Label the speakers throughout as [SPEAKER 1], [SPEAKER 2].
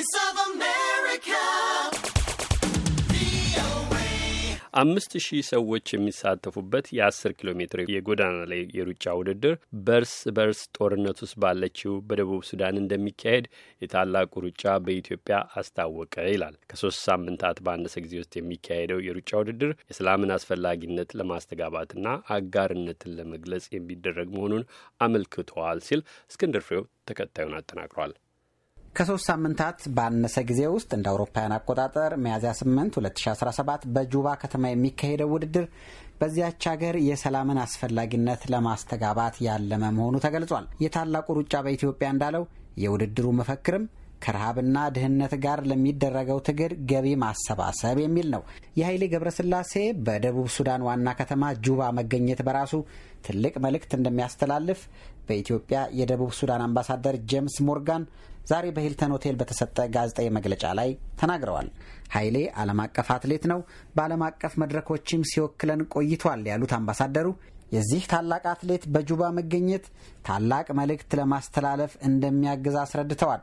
[SPEAKER 1] Voice of America.
[SPEAKER 2] አምስት ሺህ ሰዎች የሚሳተፉበት የአስር ኪሎ ሜትር የጎዳና ላይ የሩጫ ውድድር በርስ በርስ ጦርነት ውስጥ ባለችው በደቡብ ሱዳን እንደሚካሄድ የታላቁ ሩጫ በኢትዮጵያ አስታወቀ ይላል። ከሶስት ሳምንታት በአነሰ ጊዜ ውስጥ የሚካሄደው የሩጫ ውድድር የሰላምን አስፈላጊነት ለማስተጋባትና አጋርነትን ለመግለጽ የሚደረግ መሆኑን አመልክተዋል ሲል እስክንድር ፍሬው ተከታዩን አጠናቅሯል። ከሶስት
[SPEAKER 3] ሳምንታት ባነሰ ጊዜ ውስጥ እንደ አውሮፓውያን አቆጣጠር ሚያዝያ 8 2017 በጁባ ከተማ የሚካሄደው ውድድር በዚያች ሀገር የሰላምን አስፈላጊነት ለማስተጋባት ያለመ መሆኑ ተገልጿል። የታላቁ ሩጫ በኢትዮጵያ እንዳለው የውድድሩ መፈክርም ከረሃብና ድህነት ጋር ለሚደረገው ትግል ገቢ ማሰባሰብ የሚል ነው። የኃይሌ ገብረስላሴ በደቡብ ሱዳን ዋና ከተማ ጁባ መገኘት በራሱ ትልቅ መልእክት እንደሚያስተላልፍ በኢትዮጵያ የደቡብ ሱዳን አምባሳደር ጄምስ ሞርጋን ዛሬ በሂልተን ሆቴል በተሰጠ ጋዜጣዊ መግለጫ ላይ ተናግረዋል። ኃይሌ ዓለም አቀፍ አትሌት ነው፣ በዓለም አቀፍ መድረኮችም ሲወክለን ቆይቷል ያሉት አምባሳደሩ የዚህ ታላቅ አትሌት በጁባ መገኘት ታላቅ መልእክት ለማስተላለፍ እንደሚያግዝ አስረድተዋል።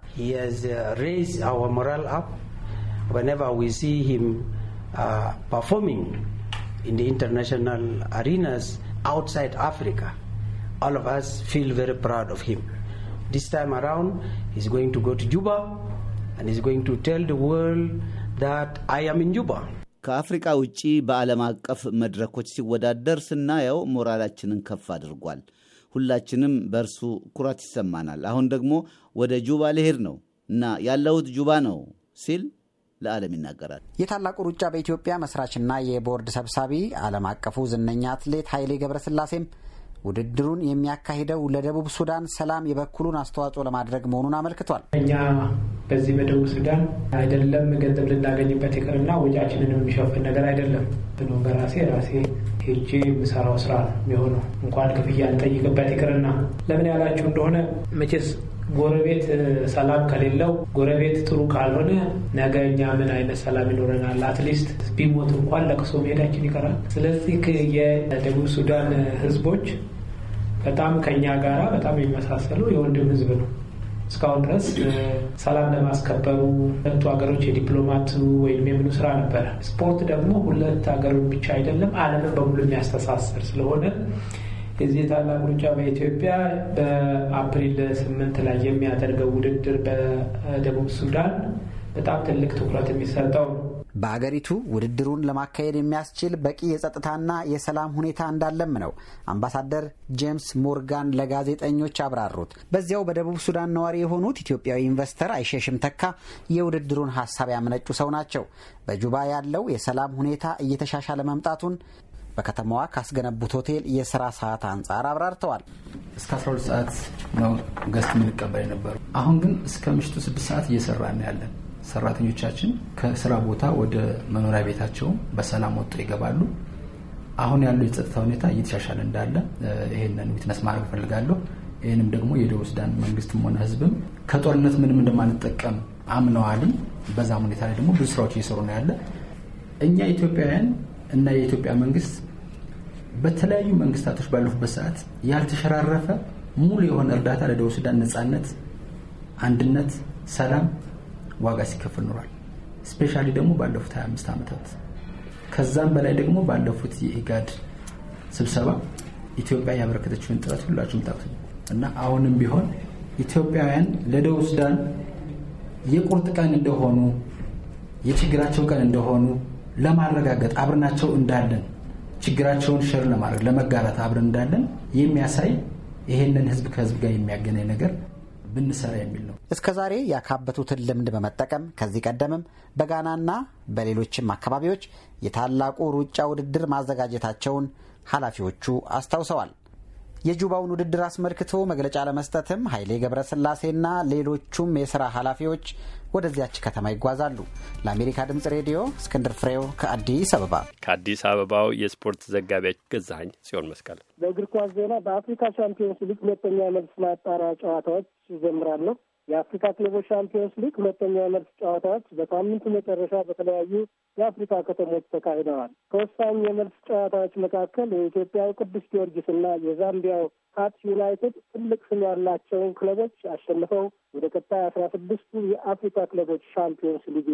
[SPEAKER 3] ኢንተርናሽናል አሪናስ አውትሳይድ አፍሪካ ኦል ኦፍ አስ ፊል ቨሪ ፕራውድ ኦፍ ሂም This time around, he's going to go to Juba and he's going to tell the world that I am in Juba. ከአፍሪቃ ውጪ በዓለም አቀፍ መድረኮች ሲወዳደር ስናየው ሞራላችንን ከፍ አድርጓል። ሁላችንም በእርሱ ኩራት ይሰማናል። አሁን ደግሞ ወደ ጁባ ልሄድ ነው እና ያለሁት ጁባ ነው ሲል ለዓለም ይናገራል። የታላቁ ሩጫ በኢትዮጵያ መስራችና የቦርድ ሰብሳቢ ዓለም አቀፉ ዝነኛ አትሌት ኃይሌ ገብረስላሴም ውድድሩን የሚያካሂደው ለደቡብ ሱዳን ሰላም የበኩሉን አስተዋጽኦ ለማድረግ መሆኑን አመልክቷል። እኛ
[SPEAKER 2] በዚህ በደቡብ ሱዳን አይደለም ገንዘብ ልናገኝበት ይቅርና ወጪያችንን የሚሸፍን ነገር አይደለም ብሎ በራሴ ራሴ ሄጄ የምሰራው ስራ ነው የሚሆነው። እንኳን ክፍያ ልጠይቅበት ይቅርና ለምን ያላችሁ እንደሆነ መቼስ ጎረቤት ሰላም ከሌለው ጎረቤት ጥሩ ካልሆነ ነገ እኛ ምን አይነት ሰላም ይኖረናል? አትሊስት ቢሞት እንኳን ለቅሶ መሄዳችን ይቀራል። ስለዚህ የደቡብ ሱዳን ህዝቦች በጣም ከኛ ጋራ በጣም የሚመሳሰሉ የወንድም ህዝብ ነው። እስካሁን ድረስ ሰላም ለማስከበሩ ሁለቱ ሀገሮች የዲፕሎማት ወይም የምኑ ስራ ነበረ። ስፖርት ደግሞ ሁለት ሀገሮች ብቻ አይደለም ዓለምን በሙሉ የሚያስተሳስር ስለሆነ የዚህ ታላቅ ሩጫ በኢትዮጵያ በአፕሪል ስምንት ላይ የሚያደርገው ውድድር በደቡብ ሱዳን በጣም ትልቅ ትኩረት የሚሰጠው ነው። በአገሪቱ ውድድሩን ለማካሄድ
[SPEAKER 3] የሚያስችል በቂ የጸጥታና የሰላም ሁኔታ እንዳለም ነው አምባሳደር ጄምስ ሞርጋን ለጋዜጠኞች አብራሩት። በዚያው በደቡብ ሱዳን ነዋሪ የሆኑት ኢትዮጵያዊ ኢንቨስተር አይሸሽም ተካ የውድድሩን ሀሳብ ያመነጩ ሰው ናቸው። በጁባ ያለው የሰላም ሁኔታ እየተሻሻለ መምጣቱን በከተማዋ ካስገነቡት ሆቴል የስራ ሰዓት አንጻር አብራርተዋል።
[SPEAKER 2] እስከ 12 ሰዓት ነው ገስት የምንቀበል የነበሩ። አሁን ግን እስከ ምሽቱ 6 ሰዓት እየሰራ ነው ያለን። ሰራተኞቻችን ከስራ ቦታ ወደ መኖሪያ ቤታቸው በሰላም ወጥተው ይገባሉ። አሁን ያለው የጸጥታ ሁኔታ እየተሻሻለ እንዳለ ይህንን ዊትነስ ማድረግ እፈልጋለሁ። ይህንም ደግሞ የደቡብ ሱዳን መንግስትም ሆነ ህዝብም ከጦርነት ምንም እንደማንጠቀም አምነዋልም። በዛም ሁኔታ ላይ ደግሞ ብዙ ስራዎች እየሰሩ ነው ያለ እኛ ኢትዮጵያውያን እና የኢትዮጵያ መንግስት በተለያዩ መንግስታቶች ባለፉበት ሰዓት ያልተሸራረፈ ሙሉ የሆነ እርዳታ ለደቡብ ሱዳን ነጻነት፣ አንድነት፣ ሰላም ዋጋ ሲከፍል ኖሯል። ስፔሻሊ ደግሞ ባለፉት 25 ዓመታት ከዛም በላይ ደግሞ ባለፉት የኢጋድ ስብሰባ ኢትዮጵያ ያበረከተችውን ጥረት ሁላችሁም ታውቁት እና አሁንም ቢሆን ኢትዮጵያውያን ለደቡብ ሱዳን የቁርጥ ቀን እንደሆኑ የችግራቸው ቀን እንደሆኑ ለማረጋገጥ አብረናቸው እንዳለን ችግራቸውን ሸር ለማድረግ ለመጋራት አብረን እንዳለን የሚያሳይ ይሄንን ህዝብ ከህዝብ ጋር የሚያገናኝ ነገር ብንሰራ የሚል ነው። እስከ ዛሬ ያካበቱትን
[SPEAKER 3] ልምድ በመጠቀም ከዚህ ቀደምም በጋናና በሌሎችም አካባቢዎች የታላቁ ሩጫ ውድድር ማዘጋጀታቸውን ኃላፊዎቹ አስታውሰዋል። የጁባውን ውድድር አስመልክቶ መግለጫ ለመስጠትም ኃይሌ ገብረስላሴና ሌሎቹም የሥራ ኃላፊዎች ወደዚያች ከተማ ይጓዛሉ። ለአሜሪካ ድምፅ ሬዲዮ እስክንድር ፍሬው ከአዲስ አበባ።
[SPEAKER 2] ከአዲስ አበባው የስፖርት ዘጋቢያች ገዛኸኝ ሲሆን መስቀል።
[SPEAKER 1] በእግር ኳስ ዜና በአፍሪካ ሻምፒዮንስ ሊግ ሁለተኛ መልስ ማጣሪያ ጨዋታዎች ይጀምራሉ። የአፍሪካ ክለቦች ሻምፒዮንስ ሊግ ሁለተኛ መልስ ጨዋታዎች በሳምንቱ መጨረሻ በተለያዩ የአፍሪካ ከተሞች ተካሂደዋል። ከወሳኝ የመልስ ጨዋታዎች መካከል የኢትዮጵያው ቅዱስ ጊዮርጊስ እና የዛምቢያው ስካትስ ዩናይትድ ትልቅ ስም ያላቸውን ክለቦች አሸንፈው ወደ ቀጣይ አስራ ስድስቱ የአፍሪካ ክለቦች ሻምፒዮንስ ሊግ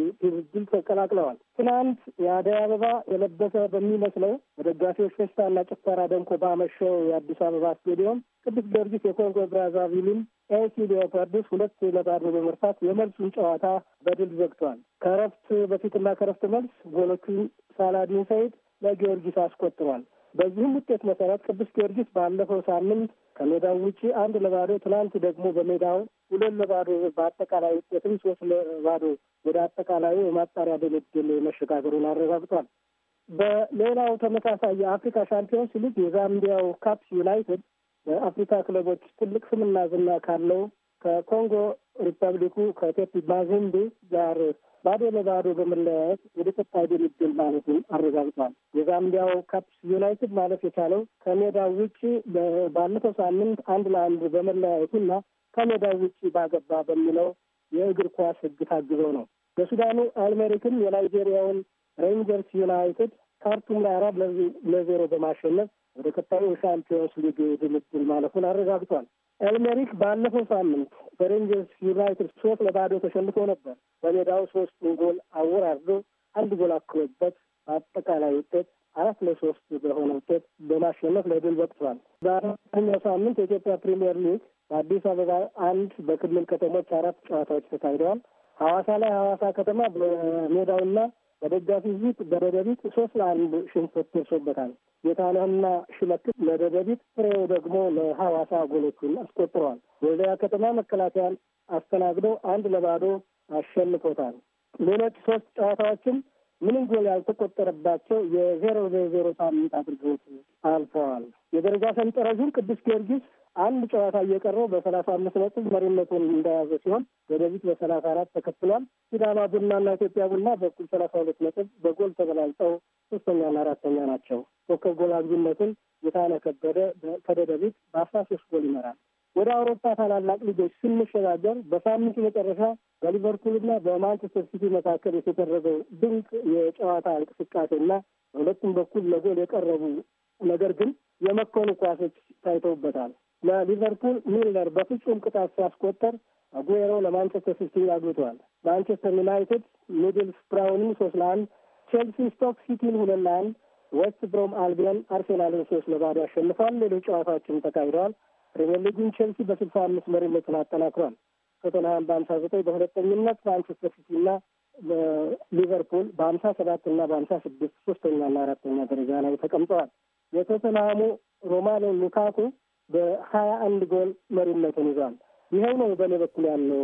[SPEAKER 1] ድል ተቀላቅለዋል። ትናንት የአደይ አበባ የለበሰ በሚመስለው በደጋፊዎች ፈሽታና ጭፈራ ደምቆ ባመሸው የአዲስ አበባ ስቴዲየም ቅዱስ ጊዮርጊስ የኮንጎ ብራዛቪልን ኤሲ ሊዮፓርድስ ሁለት ለባዶ በመርታት የመልሱን ጨዋታ በድል ዘግቷል። ከረፍት በፊትና ከረፍት መልስ ጎሎቹን ሳላዲን ሰይድ ለጊዮርጊስ አስቆጥሯል። በዚህም ውጤት መሰረት ቅዱስ ጊዮርጊስ ባለፈው ሳምንት ከሜዳው ውጪ አንድ ለባዶ ትናንት ደግሞ በሜዳው ሁለት ለባዶ በአጠቃላይ ውጤትም ሶስት ለባዶ ወደ አጠቃላዩ የማጣሪያ ድልድል መሸጋገሩን አረጋግጧል። በሌላው ተመሳሳይ የአፍሪካ ሻምፒዮንስ ሊግ የዛምቢያው ካፕስ ዩናይትድ በአፍሪካ ክለቦች ትልቅ ስምና ዝና ካለው ከኮንጎ ሪፐብሊኩ ከኢትዮጵያ ባዘንዴ ጋር ባዶ ለባዶ በመለያየት ወደ ቀጣይ ድልድል ማለቱን አረጋግጧል። የዛምቢያው ካፕስ ዩናይትድ ማለፍ የቻለው ከሜዳው ውጭ ባለፈው ሳምንት አንድ ለአንድ በመለያየቱና ከሜዳው ውጭ ባገባ በሚለው የእግር ኳስ ሕግ ታግዘው ነው። በሱዳኑ አልሜሪክም የናይጄሪያውን ሬንጀርስ ዩናይትድ ካርቱም ላይ አራት ለዜሮ በማሸነፍ ወደ ቀጣዩ የሻምፒዮንስ ሊግ ድልድል ማለፉን አረጋግጧል። ኤልሜሪክ ባለፈው ሳምንት በሬንጀርስ ዩናይትድ ሶስት ለባዶ ተሸንፎ ነበር። በሜዳው ሶስቱን ጎል አወራርዶ አንድ ጎል አክሎበት በአጠቃላይ ውጤት አራት ለሶስት በሆነ ውጤት በማሸነፍ ለድል በቅቷል። በአራተኛው ሳምንት የኢትዮጵያ ፕሪምየር ሊግ በአዲስ አበባ አንድ በክልል ከተሞች አራት ጨዋታዎች ተካሂደዋል። ሐዋሳ ላይ ሐዋሳ ከተማ በሜዳውና በደጋፊ ፊት በደደቢት ሶስት ለአንድ ሽንፈት ደርሶበታል። የታናና ሽመክት ለደደቢት፣ ፍሬው ደግሞ ለሐዋሳ ጎሎቹን አስቆጥረዋል። ወልዲያ ከተማ መከላከያን አስተናግዶ አንድ ለባዶ አሸንፎታል። ሌሎች ሶስት ጨዋታዎችም ምንም ጎል ያልተቆጠረባቸው የዜሮ ዜሮ ሳምንት አድርገውት አልፈዋል። የደረጃ ሰንጠረዡን ቅዱስ ጊዮርጊስ አንድ ጨዋታ እየቀረው በሰላሳ አምስት ነጥብ መሪነቱን እንደያዘ ሲሆን ወደፊት በሰላሳ አራት ተከትሏል። ሲዳማ ቡናና ኢትዮጵያ ቡና በኩል ሰላሳ ሁለት ነጥብ በጎል ተበላልጠው ሶስተኛና አራተኛ ናቸው። ኮከብ ጎል አግቢነቱን የታነ ከበደ ከደደቢት በአስራ ሶስት ጎል ይመራል። ወደ አውሮፓ ታላላቅ ሊጎች ስንሸጋገር በሳምንቱ መጨረሻ በሊቨርፑልና በማንቸስተር ሲቲ መካከል የተደረገው ድንቅ የጨዋታ እንቅስቃሴና በሁለቱም በኩል ለጎል የቀረቡ ነገር ግን የመከኑ ኳሶች ታይተውበታል። ለሊቨርፑል ሚልነር በፍጹም ቅጣት ሲያስቆጠር አጉዌሮ ለማንቸስተር ሲቲ አግብተዋል። ማንቸስተር ዩናይትድ ሚድልስ ሚድልስብራውንም ሶስት ለአንድ፣ ቼልሲ ስቶክ ሲቲን ሁለት ለአንድ፣ ዌስት ብሮም አልቢዮን አርሴናልን ሶስት ለባዶ አሸንፏል። ሌሎች ጨዋታዎችም ተካሂደዋል። ፕሪምየር ሊጉን ቼልሲ በስልሳ አምስት መሪነቱን አጠናክሯል። ቶተንሃም በአምሳ ዘጠኝ በሁለተኝነት ማንቸስተር ሲቲ ሲቲና ሊቨርፑል በአምሳ ሰባት እና በአምሳ ስድስት ሶስተኛ ሶስተኛና አራተኛ ደረጃ ላይ ተቀምጠዋል። የቶተንሃሙ ሮማኖ ሉካኩ በሀያ አንድ ጎል መሪነቱን ይዟል። ይኸው ነው በእኔ በኩል ያለው